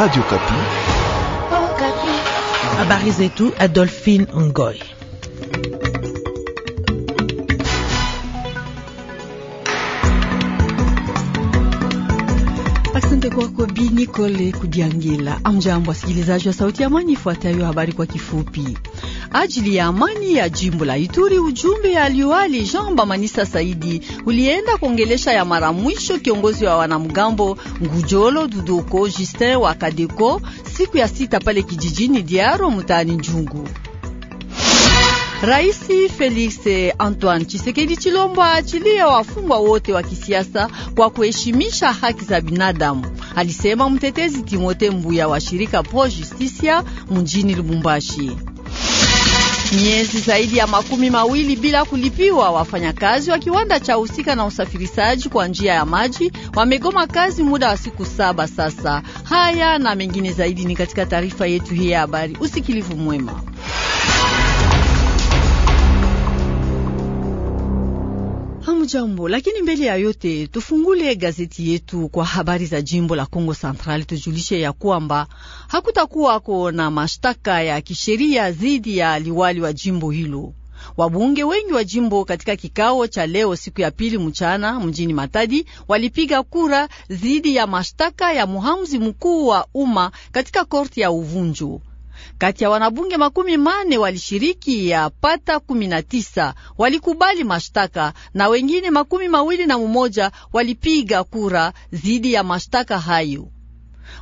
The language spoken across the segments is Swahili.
Radio Kapi. Habari zetu Adolphine Ngoy. Asante kwako Bi Nicole Kudiangila. Amjambo wasikilizaji wa Sauti ya Amani, ifuatayo habari kwa kifupi ajili ya amani ya jimbo la Ituri. Ujumbe ya liwali Jean Bamanisa Saidi ulienda kuongelesha ya mara mwisho kiongozi wa wanamgambo Ngujolo Dudoko Justin wa Kadeko siku ya sita pale kijijini Diaro mutani Njungu. Raisi Felix Antoine Chisekedi Chilomba achilia wafungwa wote wa kisiasa kwa kuheshimisha haki za binadamu, alisema mtetezi Timote Mbuya wa shirika Pro Justisia mjini Lubumbashi. Miezi zaidi ya makumi mawili bila kulipiwa, wafanyakazi wa kiwanda cha husika na usafirishaji kwa njia ya maji wamegoma kazi muda wa siku saba sasa. Haya na mengine zaidi ni katika taarifa yetu hii ya habari. Usikilivu mwema. Hujambo, lakini mbele ya yote tufungule gazeti yetu kwa habari za jimbo la Kongo Central. Tujulishe ya kwamba hakutakuwako na mashtaka ya kisheria dhidi ya liwali wa jimbo hilo. Wabunge wengi wa jimbo katika kikao cha leo siku ya pili mchana mjini Matadi walipiga kura dhidi ya mashtaka ya muhamuzi mkuu wa umma katika korti ya uvunjo. Kati ya wanabunge makumi mane walishiriki ya pata kumi na tisa walikubali mashtaka na wengine makumi mawili na mumoja walipiga kura dhidi ya mashtaka hayo.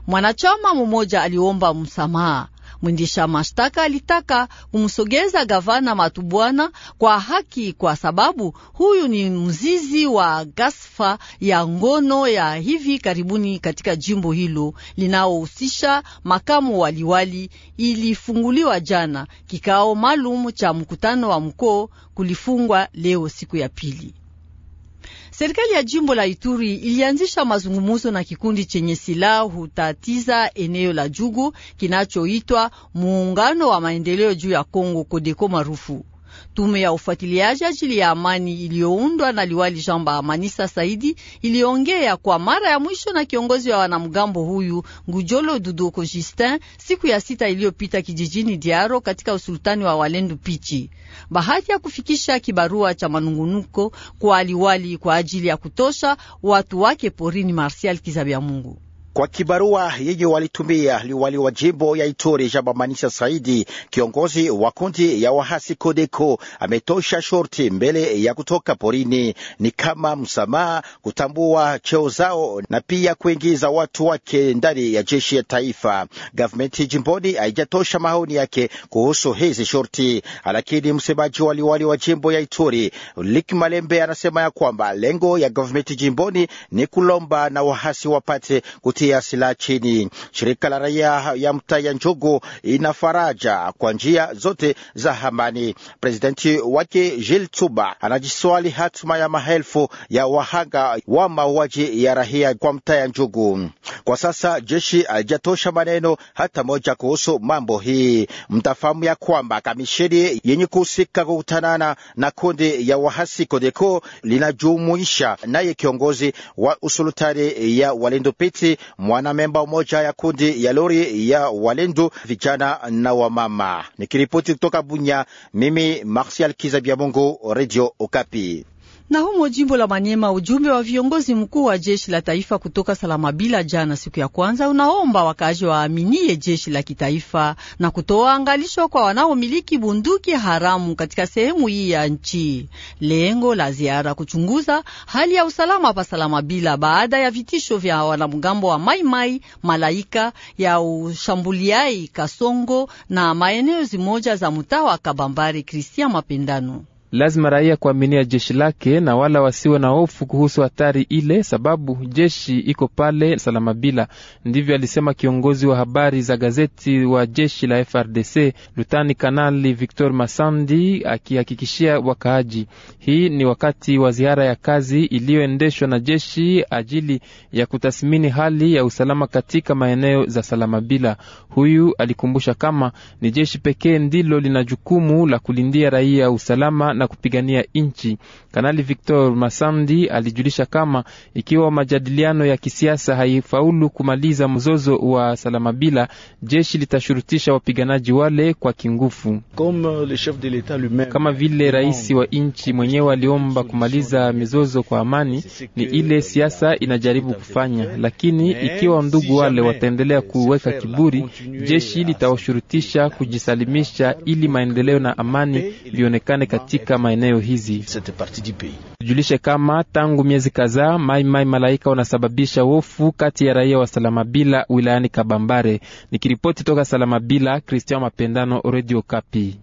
Mwanachama mumoja aliomba msamaha. Mwendesha mashtaka alitaka kumsogeza gavana Matubwana kwa haki, kwa sababu huyu ni mzizi wa gasfa ya ngono ya hivi karibuni katika jimbo hilo linaohusisha makamu waliwali. Ilifunguliwa jana, kikao maalum cha mkutano wa mkoo kulifungwa leo siku ya pili. Serikali ya jimbo la Ituri ilianzisha mazungumzo na kikundi chenye silaha hutatiza eneo la Jugu kinachoitwa Muungano wa Maendeleo juu ya Kongo, Kodeko marufu Tume ya ufuatiliaji ajili ya amani iliyoundwa na liwali Jamba Manisa Saidi iliongea kwa mara ya mwisho na kiongozi wa wanamgambo huyu Ngujolo duduko Justin siku ya sita iliyopita kijijini Diaro katika usultani wa Walendu Pichi. Bahati ya kufikisha kibarua cha manungunuko kwa liwali kwa ajili ya kutosha watu wake porini, Marsial Kizabya Mungu kwa kibarua yenye walitumia liwali wa jimbo ya Ituri Manisa Saidi, kiongozi wa kundi ya wahasi Kodeko, ametosha shorti mbele ya kutoka porini, ni kama msamaha, kutambua cheo zao na pia kuingiza watu wake ndani ya jeshi ya taifa. Gavmenti jimboni haijatosha maoni yake kuhusu hizi shorti, lakini msemaji wa liwali wa jimbo ya Ituri Lik Malembe anasema ya kwamba lengo ya gavmenti jimboni ni kulomba na wahasi wapate kuti kutia silaha chini. Shirika la raia ya mtaa ya Njugu ina faraja kwa njia zote za amani. Presidenti wake Jil Tuba anajiswali hatima ya maelfu ya wahanga wa mauaji ya raia kwa mtaa ya Njugu. Kwa sasa jeshi alijatosha maneno hata moja kuhusu mambo hii. Mtafahamu ya kwamba kamisheni yenye kuhusika kukutanana na kundi ya wahasi Kodeko linajumuisha naye kiongozi wa usultani ya walindupiti mwana memba umoja ya kundi ya lori ya walendu vijana na wamama. Nikiripoti kutoka Bunya, mimi Marsial Kiza Bya Mungu, Radio Okapi. Na humo jimbo la Manyema, ujumbe wa viongozi mkuu wa jeshi la taifa kutoka Salamabila jana siku ya kwanza unaomba wakazi waaminie jeshi la kitaifa na kutoa angalisho kwa wanaomiliki bunduki haramu katika sehemu hii ya nchi. Lengo la ziara kuchunguza hali ya usalama pa Salamabila baada ya vitisho vya wanamgambo wa Maimai Malaika ya ushambuliai Kasongo na maeneo zimoja za mtaa wa Kabambari. Kristian Mapendano Lazima raia kuaminia jeshi lake na wala wasiwe na hofu kuhusu hatari ile, sababu jeshi iko pale salama bila. Ndivyo alisema kiongozi wa habari za gazeti wa jeshi la FRDC Lutani Kanali Victor Masandi akihakikishia wakaaji. Hii ni wakati wa ziara ya kazi iliyoendeshwa na jeshi ajili ya kutathmini hali ya usalama katika maeneo za salama bila. Huyu alikumbusha kama ni jeshi pekee ndilo lina jukumu la kulindia raia usalama na kupigania nchi. Kanali Victor Masandi alijulisha kama ikiwa majadiliano ya kisiasa haifaulu kumaliza mzozo wa Salamabila, jeshi litashurutisha wapiganaji wale kwa kingufu, kama vile rais wa nchi mwenyewe aliomba kumaliza mizozo kwa amani. Ni ile siasa inajaribu kufanya, lakini ikiwa ndugu wale wataendelea kuweka kiburi, jeshi litawashurutisha kujisalimisha ili maendeleo na amani vionekane katika katika maeneo hizi. Tujulishe kama tangu miezi kadhaa Mai Mai Malaika wanasababisha hofu kati ya raia wa Salamabila wilayani Kabambare. Nikiripoti toka Salamabila, Christian Mapendano, Radio Kapi.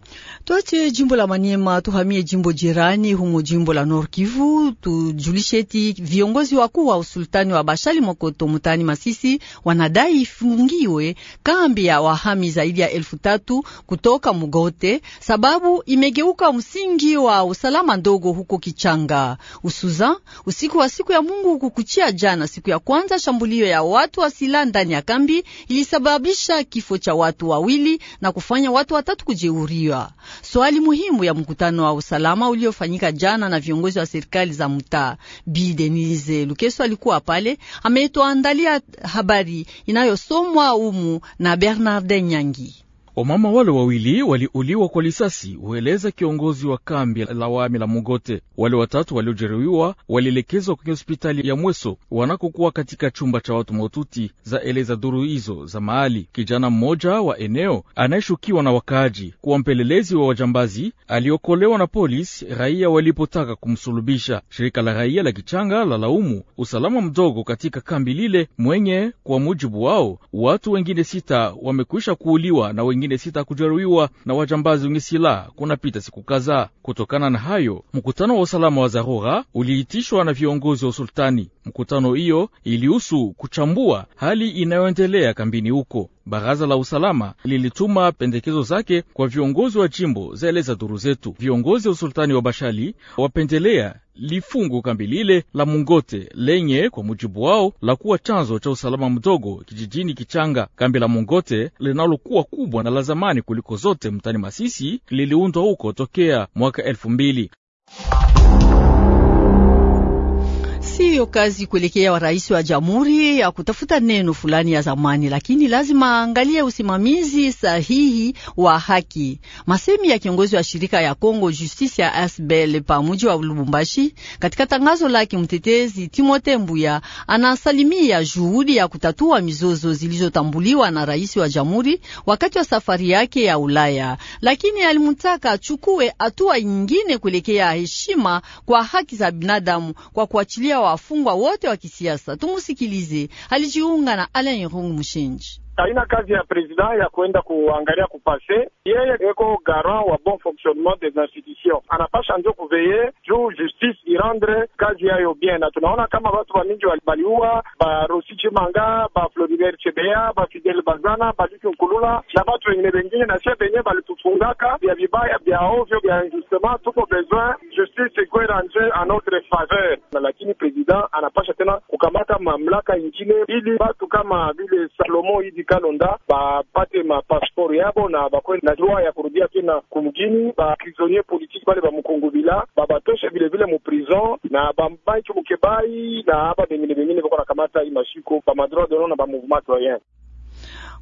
Tuache jimbo la Maniema tuhamie jimbo jirani humo jimbo la Nord Kivu. Tujulishe eti viongozi wakuu wa usultani wa Bashali Mokoto mutani Masisi wanadai ifungiwe kambi ya wahami zaidi ya elfu tatu kutoka Mugote sababu imegeuka msingi wa usalama ndogo huko Kichanga usuza usiku wa siku ya Mungu kukuchia kuchia jana, siku ya kwanza, shambulio ya watu wa silaha ndani ya kambi ilisababisha kifo cha watu wawili na kufanya watu watatu kujeuriwa. Swali muhimu ya mkutano wa usalama uliofanyika jana na viongozi wa serikali za mtaa. Bi Denise Lukeso alikuwa pale, ametoandalia habari inayosomwa umu na Bernarde Nyangi. Wamama wale wawili waliuliwa kwa lisasi, hueleza kiongozi wa kambi la wami la Mugote. Wale watatu waliojeruhiwa walielekezwa kwenye hospitali ya Mweso wanakokuwa katika chumba cha watu maututi, za eleza duru hizo za mahali. Kijana mmoja wa eneo anayeshukiwa na wakaaji kuwa mpelelezi wa wajambazi aliokolewa na polisi raia walipotaka kumsulubisha. Shirika la raia la Kichanga la laumu usalama mdogo katika kambi lile mwenye, kwa mujibu wao, watu wengine sita wamekwisha kuuliwa na wengine wengine sita kujeruhiwa na wajambazi wenye silaha kunapita siku kadhaa. Kutokana na hayo, mkutano wa usalama wa dharura uliitishwa na viongozi wa usultani Mkutano hiyo ilihusu kuchambua hali inayoendelea kambini huko. Baraza la usalama lilituma pendekezo zake kwa viongozi wa jimbo, zaeleza duru zetu. Viongozi wa usultani wa Bashali wapendelea lifungu kambi lile la Mungote lenye kwa mujibu wao la kuwa chanzo cha usalama mdogo kijijini Kichanga. Kambi la Mungote linalokuwa kubwa na la zamani kuliko zote mtani Masisi liliundwa huko tokea mwaka elfu mbili. Siyo kazi kuelekea wa rais wa jamhuri ya kutafuta neno fulani ya zamani, lakini lazima angalie usimamizi sahihi wa haki. Masemi ya kiongozi wa shirika ya Kongo Justice ya Asbel pa muji wa Lubumbashi, katika tangazo lake, mtetezi Timote Mbuya anasalimia juhudi ya kutatua mizozo zilizotambuliwa na rais wa jamhuri wakati wa safari yake ya Ulaya, lakini alimtaka achukue hatua nyingine kuelekea heshima kwa haki za binadamu kwa kuachilia wafungwa wote wa kisiasa. Tumusikilize, alijiunga na Alain Rung Mushinji haina kazi ya president ya kuenda kuangalia kupase. Yeye eko garant wa bon fonctionnement des institutions, anapasha ndio kuveye juu justice irendre kazi yayo bien, na tunaona kama watu wa mingi baliua barosi Chimanga, ba Floribert Chebeya, ba Fidel Bazana, Baliki Nkulula na watu wengine wengine, na sie benye balitufungaka vya vibaya vya ovyo vya injustement Tuko besoin justice ikwe ranger a notre faveur, na lakini president anapasha tena kukamata mamlaka ingine ili batu kama vile Salomo Idi kalonda bapate mapasport yabo na bakwe na droit ya kurudia tena kumgini. Baprisonnier politique bale bila babatoshe vilevile muprison na bambaki mukebai na haba bengine bengine bako kamata imashiko bamadroit de l'homme na bamouvement citoyen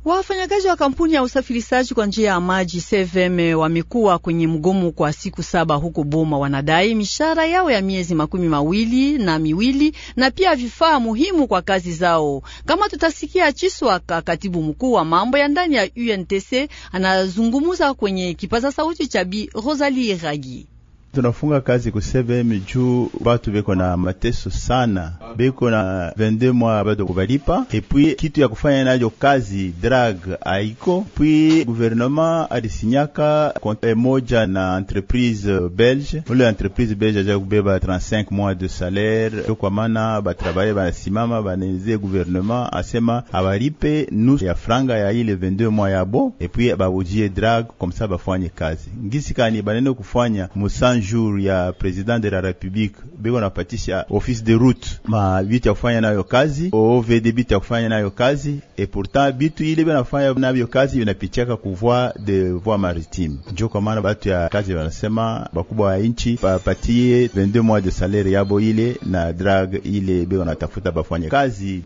Wafanyakazi wa kampuni ya usafirishaji kwa njia ya maji SVM e wamekuwa kwenye mgomo kwa siku saba huko Boma. Wanadai mishahara yao ya miezi makumi mawili na miwili na pia vifaa muhimu kwa kazi zao, kama tutasikia Chiswaka, katibu mkuu wa mambo ya ndani ya UNTC, anazungumuza kwenye kipaza sauti cha Bi Rosalie Ragi tunafunga kazi ku CVM juu batu beko na mateso sana, beko na 22 mwa bado kubalipa, epui kitu ya kufanya nayo kazi drag aiko. Puis gouvernement alisinyaka contrat moja na entreprise belge, ule entreprise belge aja kubeba 35 mois de salaire, kwa maana batravaye banasimama baneze gouvernement asema abalipe nusu ya franga ya ile 22 mwa yabo, epui babujie drag komsa bafanye kazi ngisi kani banene kufanya musa jour ya president de la republique na napatisha office de route ma bitu ya kufanya nayo kazi oovd bitu ya kufanya nayo kazi et pourtant bitu ile benafanya navyo kazi vinapichaka kuvoi de voi maritime. Njo kwa maana batu ya kazi wanasema bakubwa ya inchi bapatie 22 mois de salaire yabo ile na drag ile beko natafuta bafanye kazi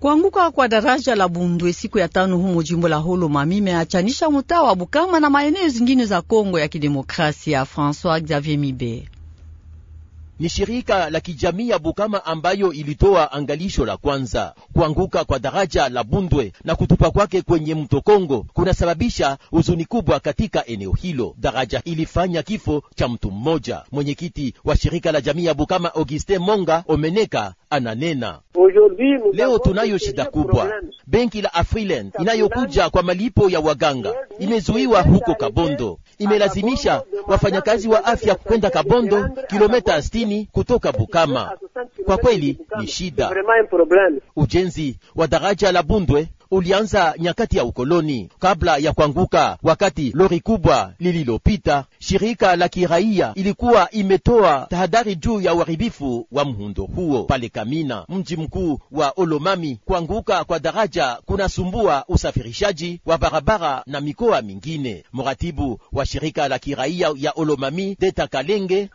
Kuanguka kwa daraja la Bundwe siku ya tano humo jimbo la Mamime achanisha mutaa wa Bukama na maeneo zingine za Kongo ya Kidemokrasia. François Xavier Mibe ni shirika la kijamii ya Bukama ambayo ilitoa angalisho la kwanza. Kuanguka kwa daraja la Bundwe na kutupa kwake kwenye mto Kongo kunasababisha huzuni kubwa katika eneo hilo. Daraja ilifanya kifo cha mtu mmoja. Mwenyekiti wa shirika la jamii ya Bukama Auguste Monga Omeneka ananena leo tunayo shida kubwa. Benki la Afriland inayokuja kwa malipo ya waganga imezuiwa huko Kabondo imelazimisha wafanyakazi wa afya kwenda Kabondo, kilomita 60 kutoka Bukama. Kwa kweli ni shida. Ujenzi wa daraja la Bundwe ulianza nyakati ya ukoloni kabla ya kuanguka, wakati lori kubwa lililopita shirika la kiraia ilikuwa imetoa tahadhari juu ya uharibifu wa mhundo huo pale Kamina, mji mkuu wa Olomami. Kuanguka kwa daraja kunasumbua usafirishaji wa barabara na mikoa mingine. Mratibu wa shirika la kiraia ya Olomami, Deta Kalenge,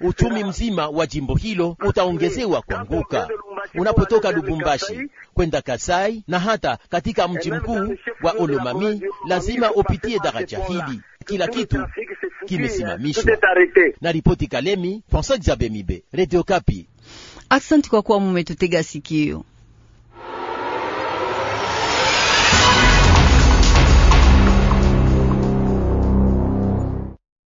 uchumi mzima wa jimbo hilo utaongezewa kuanguka unapotoka Lubumbashi kwenda Kasai na hata katika mji mkuu wa Olomami lazima upitie daraja hili kila kitu kimesimamishwa. Na ripoti Kalemi, Francois Xabemibe, Radio Kapi. Asante kwa kuwa mumetutega sikio.